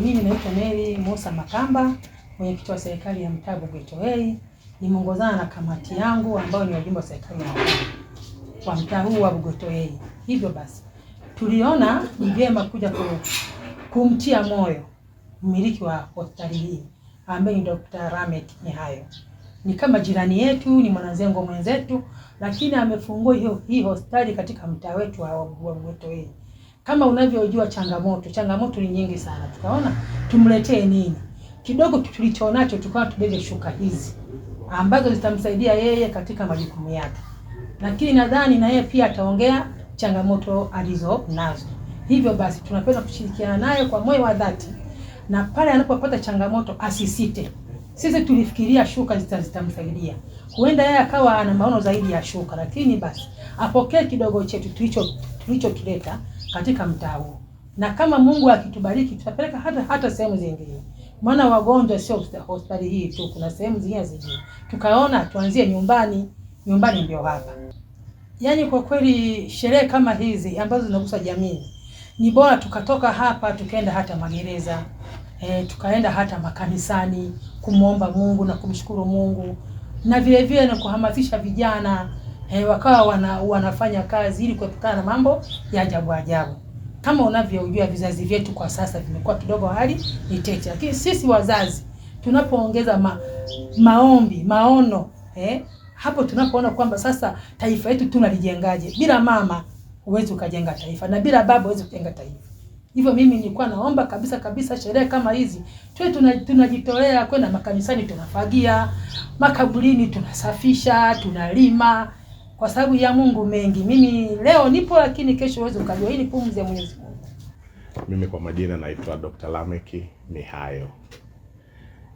Mimi naitwa Mary Musa Makamba, mwenyekiti wa serikali ya mtaa Bugwitowei. Nimeongozana na kamati yangu ambayo ni wajumbe wa serikali ya mtaa kwa mtaa huu wa A. Hivyo basi, tuliona ni vyema kuja kumtia moyo mmiliki wa hospitali hii ambaye ni Dr. ni hayo Ni kama jirani yetu, ni mwanazengo mwenzetu, lakini amefungua hiyo hii hospitali katika mtaa wetu wa A kama unavyojua changamoto, changamoto ni nyingi sana. Tukaona tumletee nini kidogo tulicho nacho, tukawa tubebe shuka hizi ambazo zitamsaidia yeye katika majukumu yake, lakini nadhani na yeye pia ataongea changamoto alizo nazo. Hivyo basi tunapenda kushirikiana naye kwa moyo wa dhati, na pale anapopata changamoto asisite. Sisi tulifikiria shuka zitamsaidia, huenda yeye akawa ana maono zaidi ya shuka, lakini basi apokee kidogo chetu tulicho tulichokileta katika mtaa na kama Mungu akitubariki tutapeleka hata hata sehemu zingine, maana wagonjwa sio hospitali hii tu, kuna sehemu zingine zingine. Tukaona tuanzie nyumbani, nyumbani ndio hapa. Yaani kwa kweli sherehe kama hizi ambazo zinagusa jamii ni bora tukatoka hapa tukaenda hata magereza e, tukaenda hata makanisani kumwomba Mungu na kumshukuru Mungu na vile vile na kuhamasisha vijana eh, wakawa wana, wanafanya kazi ili kuepukana na mambo ya ajabu ajabu. Kama unavyojua vizazi vyetu kwa sasa vimekuwa kidogo hali ni tete, lakini sisi wazazi tunapoongeza ma, maombi maono eh, hapo tunapoona kwamba sasa taifa letu tunalijengaje. Bila mama huwezi ukajenga taifa na bila baba huwezi kujenga taifa. Hivyo mimi nilikuwa naomba kabisa kabisa sherehe kama hizi tuwe tunajitolea, tuna kwenda makanisani, tunafagia makaburini, tunasafisha, tunalima kwa sababu ya Mungu mengi. Mimi leo nipo, lakini kesho uweze ukajua. Hii ni pumzi ya Mwenyezi Mungu. Mimi kwa majina naitwa Dr. Lameki Mihayo,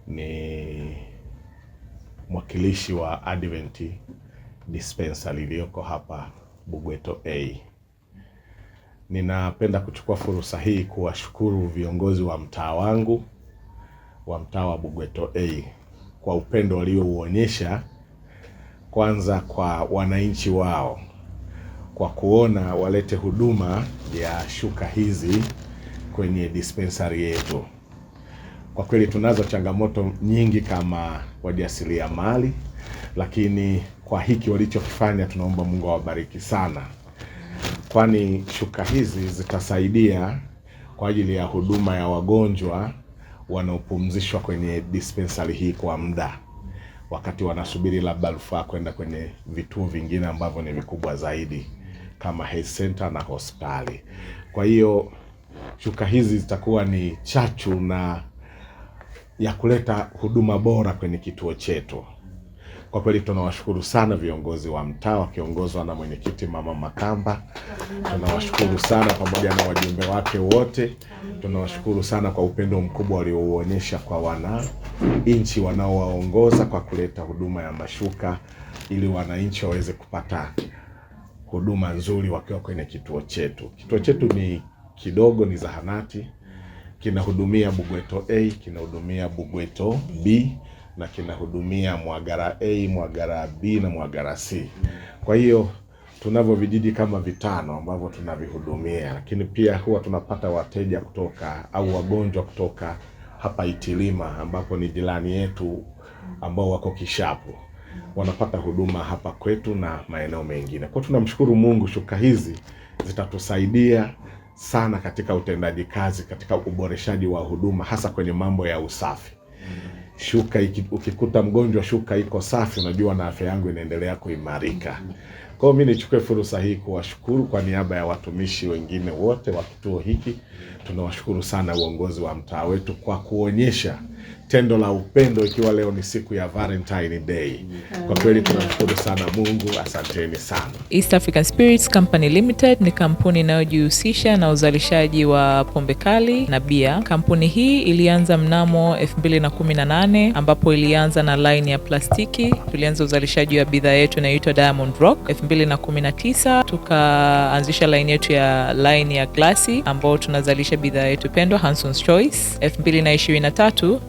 ni mwakilishi wa Advent Dispensary iliyoko hapa Bugweto A. Ninapenda kuchukua fursa hii kuwashukuru viongozi wa mtaa wangu wa mtaa wa Bugweto A kwa upendo waliouonyesha kwanza kwa wananchi wao kwa kuona walete huduma ya shuka hizi kwenye dispensari yetu. Kwa kweli tunazo changamoto nyingi kama wajasiriamali, lakini kwa hiki walichokifanya, tunaomba Mungu awabariki sana, kwani shuka hizi zitasaidia kwa ajili ya huduma ya wagonjwa wanaopumzishwa kwenye dispensari hii kwa muda wakati wanasubiri labda rufaa kwenda kwenye vituo vingine ambavyo ni vikubwa zaidi kama health center na hospitali. Kwa hiyo shuka hizi zitakuwa ni chachu na ya kuleta huduma bora kwenye kituo chetu. Kwa kweli tunawashukuru sana viongozi wa mtaa wakiongozwa na mwenyekiti Mama Makamba, tunawashukuru sana pamoja na wajumbe wake wote tunawashukuru sana kwa upendo mkubwa waliouonyesha kwa wananchi wanaowaongoza kwa kuleta huduma ya mashuka ili wananchi waweze kupata huduma nzuri wakiwa kwenye kituo chetu. Kituo chetu ni kidogo, ni zahanati, kinahudumia Bugweto A, kinahudumia Bugweto B na kinahudumia Mwagara A, Mwagara B na Mwagara C. Kwa hiyo tunavyo vijiji kama vitano ambavyo tunavihudumia, lakini pia huwa tunapata wateja kutoka au wagonjwa kutoka hapa Itilima ambapo ni jirani yetu ambao wako Kishapu wanapata huduma hapa kwetu na maeneo mengine. Kwa tunamshukuru Mungu, shuka hizi zitatusaidia sana katika utendaji kazi, katika uboreshaji wa huduma, hasa kwenye mambo ya usafi. Shuka ukikuta mgonjwa shuka iko safi, unajua na afya yangu inaendelea kuimarika. Kwa hiyo mi nichukue fursa hii kuwashukuru kwa niaba ya watumishi wengine wote wa kituo hiki. Tunawashukuru sana uongozi wa mtaa wetu kwa kuonyesha tendo la upendo, ikiwa leo ni siku ya Valentine Day. Kwa kweli tunamshukuru sana Mungu, asanteni sana. East African Spirits Company Limited ni kampuni inayojihusisha na uzalishaji wa pombe kali na bia. Kampuni hii ilianza mnamo 2018 ambapo ilianza na line ya plastiki. Tulianza uzalishaji wa bidhaa yetu inayoitwa Diamond Rock. 2019 tukaanzisha line yetu ya line ya glasi ambao tunazalisha bidhaa yetu pendwa Hanson's Choice. 2023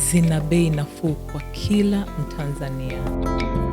zina bei nafuu kwa kila Mtanzania.